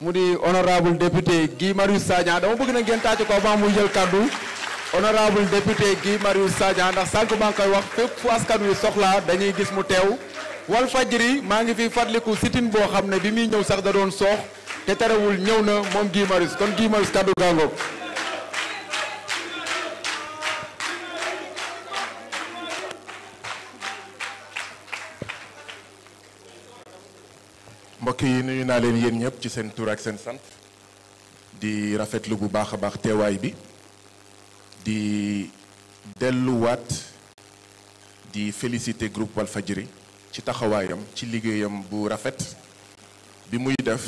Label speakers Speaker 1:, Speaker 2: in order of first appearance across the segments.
Speaker 1: mu di honorable député Guy Marius Sagna dama bëgg na ngeen tàcc ko avant mu jël kàddu honorable député Guy Marius Sagna ndax sànq maa ngi koy wax fépp fu askan wi soxla dañuy gis mu teew wal fajri maa ngi fi fàttaliku sitin boo xam ne bi muy ñëw sax da doon soox te terewul ñëw na moom Guy Marius kon Guy Marius kàddu gàngoog mbokk yi nuyu naa leen yéen ñëpp ci seen tur ak seen sant di rafetlu bu baax a baax teewaay bi di delluwaat di féliciter groupe Walfadjri ci taxawaayam ci liggéeyam bu rafet bi muy def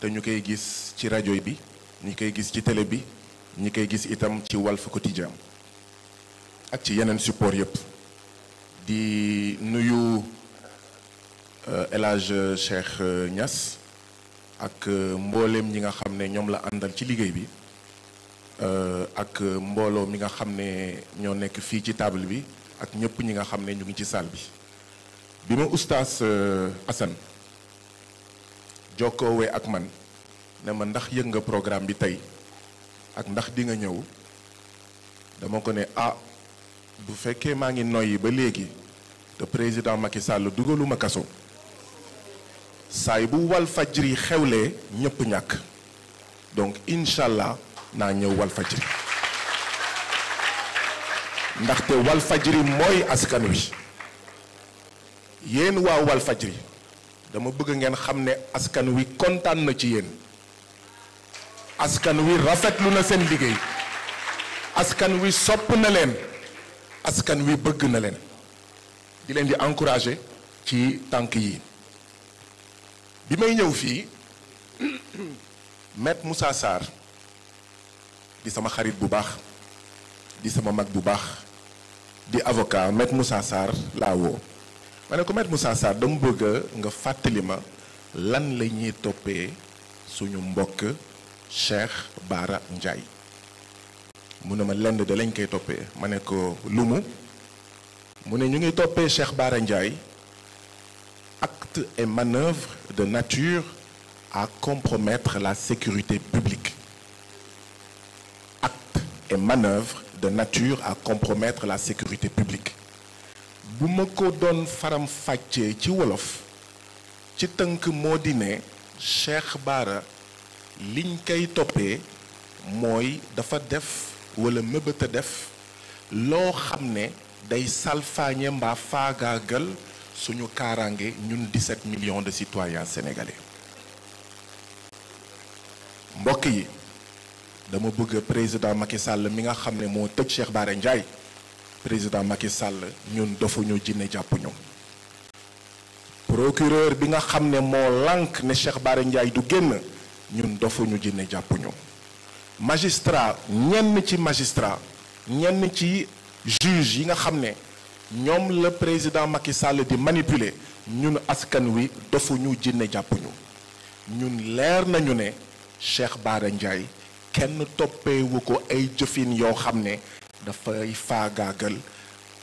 Speaker 1: te ñu koy gis ci rajo bi ñu koy gis ci télé bi ñu koy gis itam ci Walf Quotidien ak ci yeneen support yépp di nuyu Euh, El Hadj euh, Cheikh euh, Niass ak mbooleem ñi nga xam ne ñoom la àndal ci liggéey bi ak mbooloo mi nga xam ne ñoo nekk fii ci table bi ak ñëpp ñi nga xam ne ñu ngi ci salle bi bi ma oustaz Assane jokkoowee ak man ne ma ndax yëg nga programme bi tey ak ndax di nga ñëw dama ko ne ah bu fekkee maa ngi noyyi ba léegi te président Macky Sall dugaluma kaso saay bu wal fajri xewlee ñëpp ñàkk donc incha allah naa ñëw wal fajri ndaxte wal fajri mooy askan wi yéen waa walfaj fajri dama bëgg ngeen xam ne askan wi kontaan na ci yéen askan wi rafetlu na seen liggéey askan wi sopp na leen askan wi bëgg na leen di leen di encourager ci tànk yi bi may ñëw fii maître Moussa Sarr di sama xarit bu baax di sama mag bu baax di avocat maître Moussa Sarr laa woo ma ne ko maître Moussa Sarr dama bëgg nga fàttali ma lan la ñuy toppee suñu mbokk Cheikh Bara njaay mu ne ma lenn de lañ koy toppee ma ne ko lumu mu ne ñu ngi toppee Cheikh Bara Ndiaye actes et manœuvres de nature à compromettre la sécurité publique. Actes nature à compromettre la sécurité publique. bu ma ko doon faram ci wolof ci tënk moo di ne Cheikh Bara liñ koy toppee mooy dafa def wala mëbët def loo xam ne day salfaañe mbaa faagaagal suñu kaaraange ñun set million de citoyens sénégalais mbokk yi dama bëgg président Macky Sall mi nga xam ne moo tëj Cheikh Bara Ndiaye président Macky Sall ñun dofuñu jinne jàppuñu procureur bi nga xam ne moo lànk ne Cheikh Bara Ndiaye du génn ñun dofuñu jinne jàppuñu magistrat ñenn ci magistrat ñenn ci juge yi nga xam ne ñoom la président Macky Sall di manipuler ñun askan wi dofuñu jinne jàppuñu ñun leer nañu ne Cheikh Bara Ndiaye kenn toppeewu ko ay jëfin yoo xam ne dafay faagaagal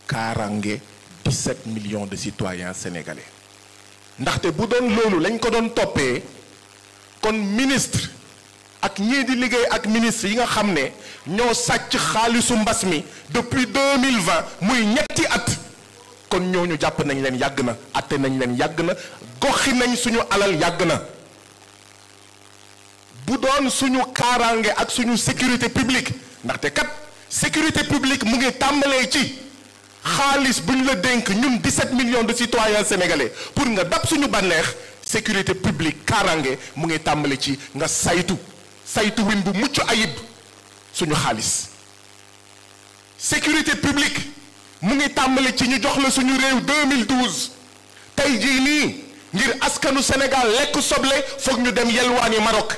Speaker 1: kaarange set millions de citoyens sénégalais ndaxte bu doon loolu lañ ko doon toppee kon ministre ak ñii di liggéey ak ministre yi nga xam ne ñoo sàcc xaalisu mbas mi depuis 2020 muy ñetti at kon ñu jàpp nañ leen yàgg na atte nañ leen yàgg na goxi nañ suñu alal yàgg na bu doon suñu kaaraange ak suñu sécurité publique ndaxte kat sécurité publique mu ngi tàmbalee ci xaalis buñ la dénk ñun 17 million de citoyens sénégalais pour nga dab suñu bànneex sécurité publique kaaraange mu ngi tàmbale ci nga saytu saytuwin bu mucc ayib suñu xaalis sécurité publique mu ngi tàmbali ci ñu jox la suñu réew 2012 tey jii nii ngir askanu Sénégal lekk soble foog ñu dem yelwaani Maroc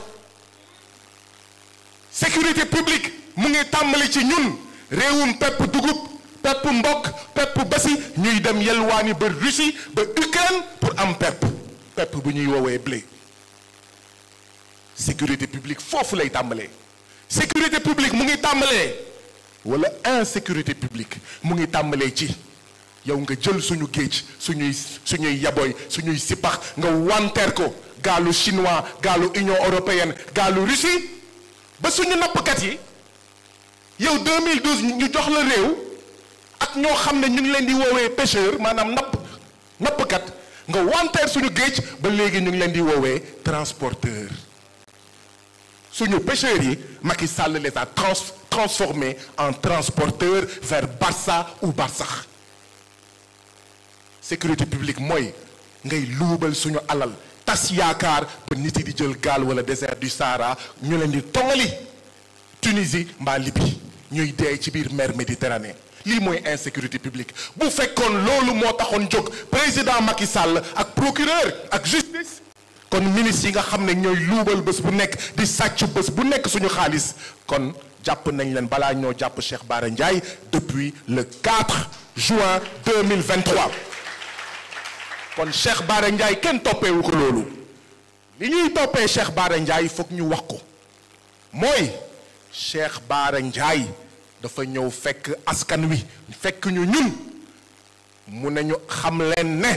Speaker 1: sécurité publique mu ngi tàmbali ci ñun réewum pepp dugub pepp mbokk pepp basi ñuy dem yelwaani ba Russie ba Ukraine pour am pepp pepp bu ñuy woowee blé sécurité publique foofu lay tàmbalee sécurité publique mu ngi tàmbalee wala sécurité publique mu ngi tàmbalee ci yow nga jël suñu géej suñuy suñuy yaboy suñuy sipax nga wanteer ko gaalu chinois gaalu union européenne gaalu Russie ba suñu nappkat yi yow 2012 ñu jox la réew ak ñoo xam ne ñu ngi leen di woowee pêcheur maanaam napp nappkat nga wanteer suñu géej ba léegi ñu ngi leen di woowee transporteur suñu pêcheurs yi Macky Sall les a trans transformés en transporteurs vers Barça ou Barsax sécurité publique mooy ngay luubal suñu alal tas yaakaar ba nit yi di jël gaal wala désert du Sahara ñu leen di tongali Tunisie mbaa Libye ñuy dee ci biir mer Méditerranée lii mooy insécurité publique bu fekkoon loolu moo taxoon jóg président Macky Sall ak procureur ak justice kon ministre yi nga xam ne ñooy luubal bés bu nekk di sàcc bés bu nekk suñu xaalis kon jàpp nañ leen balaa ñoo jàpp Cheikh Bara Ndiaye depuis le 4 juin 2023 kon Cheikh Bara Ndiaye kenn toppeewu ko loolu li ñuy toppee Cheikh Bara Ndiaye foog ñu wax ko mooy Cheikh Bara Ndiaye dafa ñëw fekk askan wi fekk ñu ñun mu ne ñu xam leen ne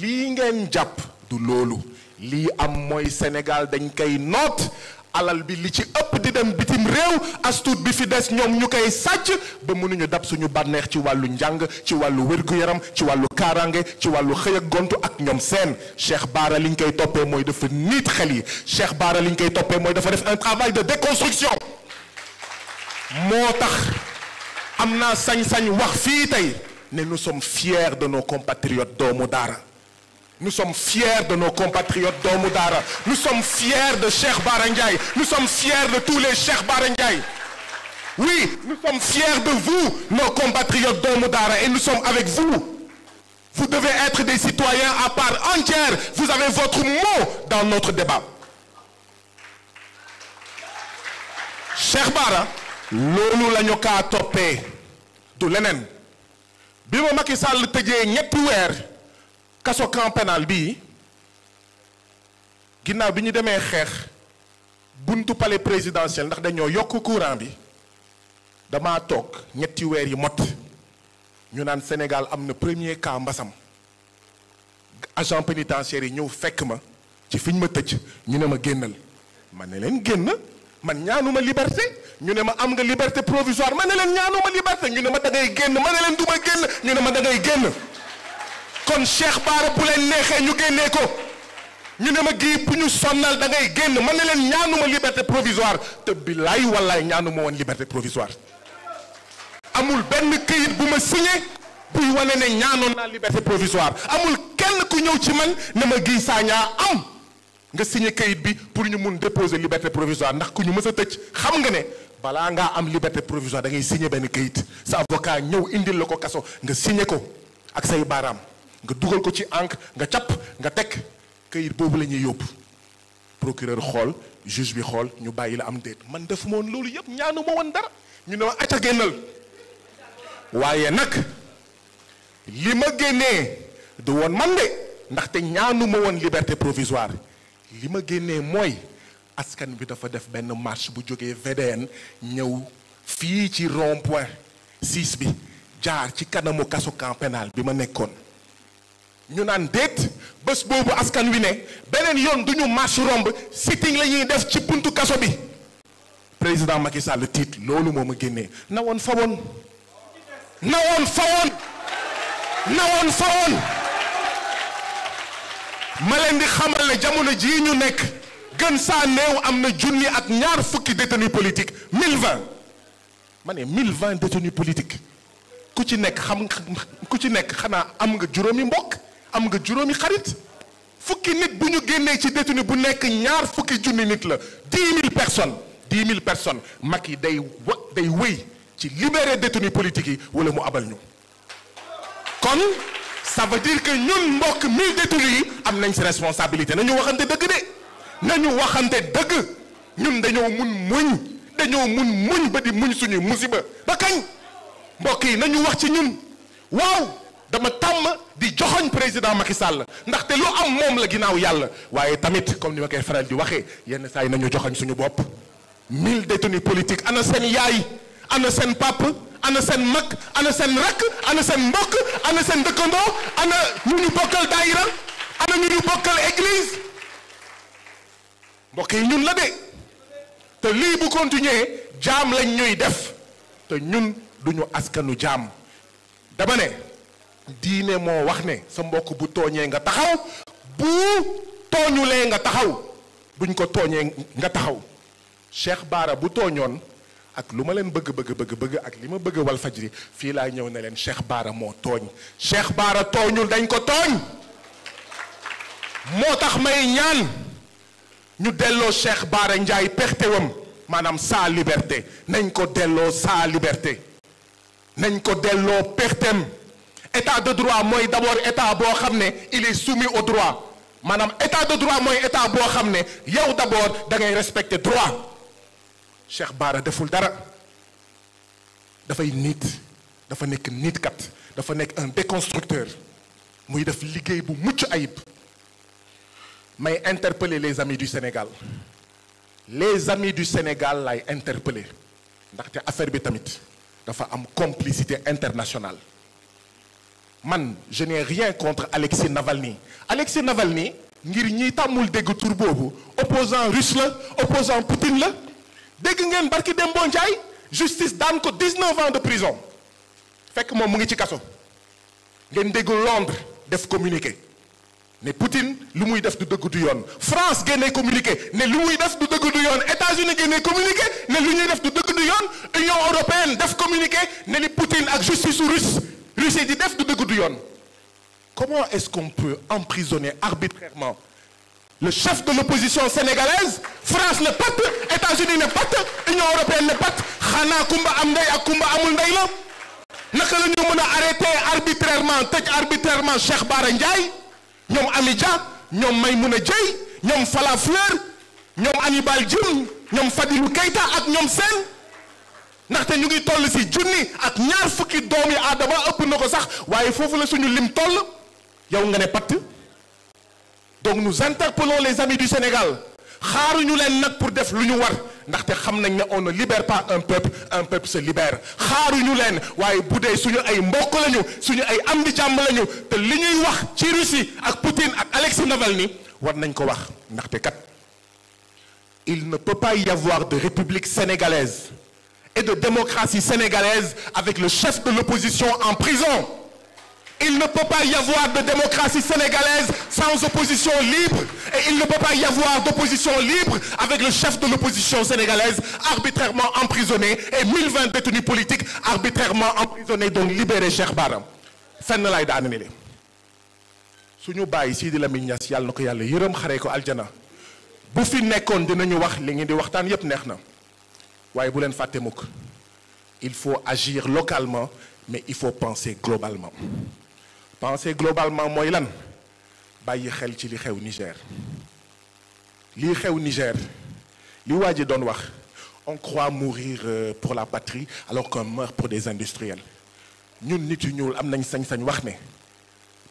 Speaker 1: lii ngeen jàpp du loolu lii am mooy Sénégal dañ koy noot alal bi li ci ëpp di dem bitim réew astuut bi fi des ñoom ñu koy sàcc ba mënuñu dab suñu bànneex ci wàllu njàng ci wàllu wér yaram ci wàllu kaaraange ci wàllu xëy ak gontu ak ñoom seen Cheikh Bara liñ koy toppee mooy dafa niit xel yi Cheikh Bara li ñu koy toppee mooy dafa def un travail de déconstruction moo tax am naa sañ-sañ wax fii tey ne nous sommes fiers de nos compatriotes doomu daara Nous sommes fiers de nos compatriotes d'Omoudara. Nous sommes fiers de Cheikh Barangay. Nous sommes fiers de tous les Cheikh Barangay. Oui, nous sommes fiers de vous, nos compatriotes d'Omoudara, et nous sommes avec vous. Vous devez être des citoyens à part entière. Vous avez votre mot dans notre débat. Cheikh Bara loolu la ñu kaa du leneen bi ma Macky Sall tëjee ñetti weer. kaso camp pénal bii ginnaaw bi ñu demee xeex buntu pale présidentiel ndax dañoo yokk courant bi damaa toog ñetti weer yi mot ñu naan Sénégal am na premier cas mbasam agent pénitentiaire yi ñëw fekk ma ci fiñ ma tëj ñu ne ma génnal ma ne leen génn ma ñaanuma liberté ñu ne ma am nga liberté provisoire ma ne leen ñaanuma liberté ñu ne ma da ngay génn ma ne leen du ma génn ñu ne ma da ngay génn kon Cheikh Bara bu leen neexee ñu génnee ko ñu ne ma gii bu ñu sonnal da ngay génn man na leen ñaanuma liberté provisoire te billaay wallaay ñaanuma woon liberté provisoire amul benn këyit bu ma signé buy wane ne ñaanoon naa liberté provisoire amul kenn ku ñëw ci man ne ma gii saa ñaa am nga signé këyit bi pour ñu mun déposer liberté provisoire ndax ku ñu mës a tëj xam nga ne balaa ngaa am liberté provisoire da ngay signé benn këyit sa avocat ñëw indil la ko kaso nga signé ko ak say baaraam nga dugal ko ci encre nga capp nga teg këyit boobu la ñuy yóbbu procureur xool juge bi xool ñu bàyyi la am déet man def moon loolu yëpp ñaanu ma woon dara ñu ne ma acca génnal waaye nag li ma génnee du woon man ndaxte ñaanu ma woon liberté provisoire li ma génnee mooy askan bi dafa def benn marche bu jógee VDN ñëw fii ci rond point bi jaar ci kanamu kaso camp pénal bi ma nekkoon ñu naan déet bés boobu askan wi ne beneen yoon duñu ñu romb sitting la ñuy def ci puntu kaso bi président Macky Sall tiit loolu moo ma génnee nawoon woon fa woon na woon fa woon na ma leen di xamal ne jamono jii ñu nekk gën saa néew am na junni ak ñaar fukki détenus politiques mille vingt ma ne mille vingt détenus politiques ku ci nekk xam ku ci nekk xanaa am nga juróomi mbokk am nga juróomi xarit fukki nit bu ñu génnee ci détenu bu nekk ñaar fukki junni nit la dix mille personnes dix mille personnes Macky day wa day wéy ci libérer détenu politique yi wala mu abal ñu kon ça veut dire que ñun mbokk mille détenus yi am nañ si responsabilité nañu waxante dëgg de nañu waxante dëgg ñun dañoo mun muñ dañoo mun muñ ba di muñ suñu musiba ba kañ mbokk yi nañu wax ci ñun waaw dama tàmm di joxoñ président Macky Sall ndaxte lu am moom la ginnaaw yàlla waaye tamit comme ni ma koy faral di waxee yenn saa yi nañu joxoñ suñu bopp mille détenus politiques ana seen yaay ana seen pàpp ana seen mag ana seen rakk ana seen mbokk ana seen ndëkkandoo ana ñu ñu bokkal daayira ana ñu ñu bokkal église mbokk yi ñun la de te lii bu continuer jaam lañ ñuy def te ñun duñu askanu jaam dama ne diine moo wax ne sa mbokk bu tooñee nga taxaw bu tooñulee nga taxaw buñ ko tooñee nga taxaw Cheikh Baara bu tooñoon ak lu ma leen bëgg bëgg bëgg bëgg ak li ma bëgg walfaj fajri fii laa ñëw ne leen Cheikh Baara moo tooñ Cheikh Baara tooñul dañ ko tooñ moo tax may ñaan ñu delloo Cheikh Baara Ndiaye pextewam maanaam saa liberté nañ ko delloo saa liberté nañ ko delloo pextem état de droit mooy d'abord état boo xam ne il est soumis au droit maanaam état de droit mooy état boo xam ne yow d'abord da ngay respecter droit Cheikh Bara deful dara dafay nit dafa nekk nit kat dafa nekk un déconstructeur muy def liggéey bu mucc ayib may interpeller les amis du Sénégal les amis du Sénégal lay interpeller ndaxte affaire bi tamit dafa am complicité internationale man je n'ai rien contre Alexei Navalny Alexei Navalny ngir ñiy tàmmul dégg tour boobu opposant russe la opposant Poutine la dégg ngeen barki Dembo Ndiaye justice daan ko 19 ans de prison fekk moom mu ngi ci kaso ngeen dégg Londres def communiqué ne Poutine lu muy def du dëgg du yoon France génnee communiqué ne lu muy def du dëgg du yoon États-Unis génnee def du dëgg du yoon Union européenne def communiqué ne li Poutine ak justice russe Russie di def du yoon comment est-ce qu'on peut emprisonner arbitrairement le chef de l'opposition sénégalaise France ne pat États-Unis ne pat Union européenne ne pat xanaa kumba am ndey ak kumba amul ndey la naka la ñu mën a arrêté arbitrairement tëj arbitrairement Cheikh Bara Ndiaye ñoom Ami Dia ñoom Maymouna Dieye ñoom Falla Fleur ñoom Hannibal Djim ñoom Fadilou Keïta ak ñoom Sène ndaxte ñu ngi toll si junni ak ñaar fukki yi aadama ëpp na ko sax waaye foofu la suñu lim toll yow nga ne patt donc nous interpellons les amis du Sénégal xaaruñu leen nag pour def lu ñu war ndaxte xam nañ ne on ne libère pas un peuple un peuple se libère xaaruñu leen waaye bu dee suñu ay mbokk lañu suñu ay am di jàmm lañu te li ñuy wax ci Russie ak Poutine ak Alexei Navalny war nañ ko wax ndaxte kat il ne peut pas y avoir de république sénégalaise et de démocratie sénégalaise avec le chef de l'opposition en prison. Il ne peut pas y avoir de démocratie sénégalaise sans opposition libre et il ne peut pas y avoir d'opposition libre avec le chef de l'opposition sénégalaise arbitrairement emprisonné et 1020 détenus politiques arbitrairement emprisonnés donc libérés Cheikh Bara fenn laay daanani le suñu bàyyi Sidi Lamine Niass yàlla na ko yàlla yërëm xaree ko aljana bu fi nekkoon dinañu wax li ngeen di waxtaan yépp neex na waaye bu leen fàttee mukk il faut agir localement mais il faut penser globalement penser globalement mooy lan bàyyi xel ci li xew Niger li xew Niger li waa ji doon wax on croit mourir euh, pour la patrie alors qu'on meurt pour des industriels ñun nit yu ñuul am nañ sañ-sañ wax ne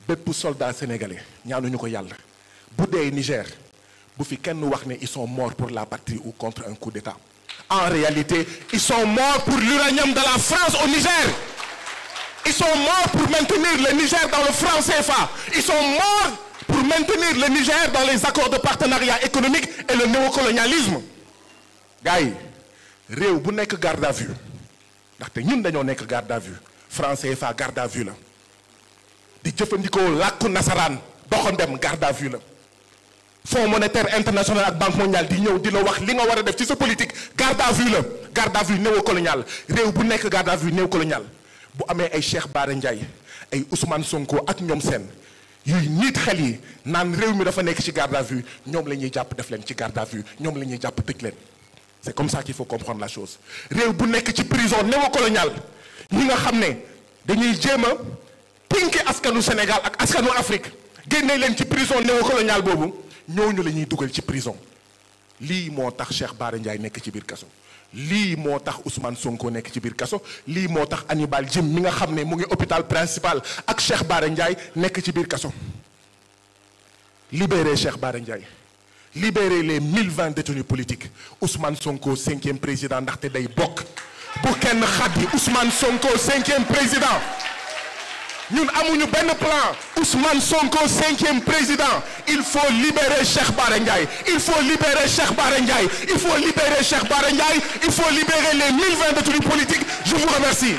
Speaker 1: bépp soldat sénégalais ñu ko yàlla bu dee Niger bu fi kenn wax ne ils sont morts pour la patrie ou contre un coup d'État en réalité, ils sont morts pour l'uranium de la France au Niger. Ils sont morts pour maintenir le Niger dans le franc CFA. Ils sont morts pour maintenir le Niger dans les accords de partenariat économique et le néocolonialisme. gars réew bu nekk garde à vue ndaxte ñun dañoo nekk garde à vue franc CFA garde à vue la di jëfandikoo làkku nasaraan doxandem garde à vue la. fonds monétaire international ak banque mondiale di ñëw di la wax li nga war a def ci sa politique garde à vue la garde à vue néocolonial réew bu nekk garde à vue néocolonial bu amee ay Cheikh Bara Ndiaye ay Ousmane Sonko ak ñoom seen yuy nit xel yi naan réew mi dafa nekk ci garde à vue ñoom la ñuy jàpp def leen ci garde à vue ñoom la ñuy jàpp tëj leen c'est comme ça qu'il faut comprendre la chose réew bu nekk ci prison néocolonial ñi nga xam ne dañuy jéem a pinke askanu Sénégal ak askanu Afrique génne leen ci prison néocolonial boobu ñooñu la ñuy dugal ci prison lii moo tax Cheikh Bara Ndiaye nekk ci biir kaso lii moo tax Ousmane Sonko nekk ci biir kaso lii moo tax Hannibal Djim mi nga xam ne mu ngi hôpital principal ak Cheikh Bara Ndiaye nekk ci biir kaso libérez Cheikh Bara Ndiaye libérez les mille vingt détenus politiques Ousmane Sonko cinquième président ndaxte day bokk bu kenn xaddi Ousmane Sonko cinquième président ñun amuñu benn plan Ousmane Sonko cinquième président il faut libérer Cheikh Bara Ndiaye il faut libérer Cheikh Bara Ndiaye il faut libérer Cheikh Bara Ndiaye il faut libérer les 1020 détenus politiques je vous remercie.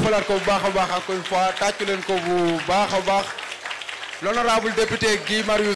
Speaker 1: voilà ko bu baax a baax encore une fois tàccu leen ko bu baax a baax l'honorable député Guy Marius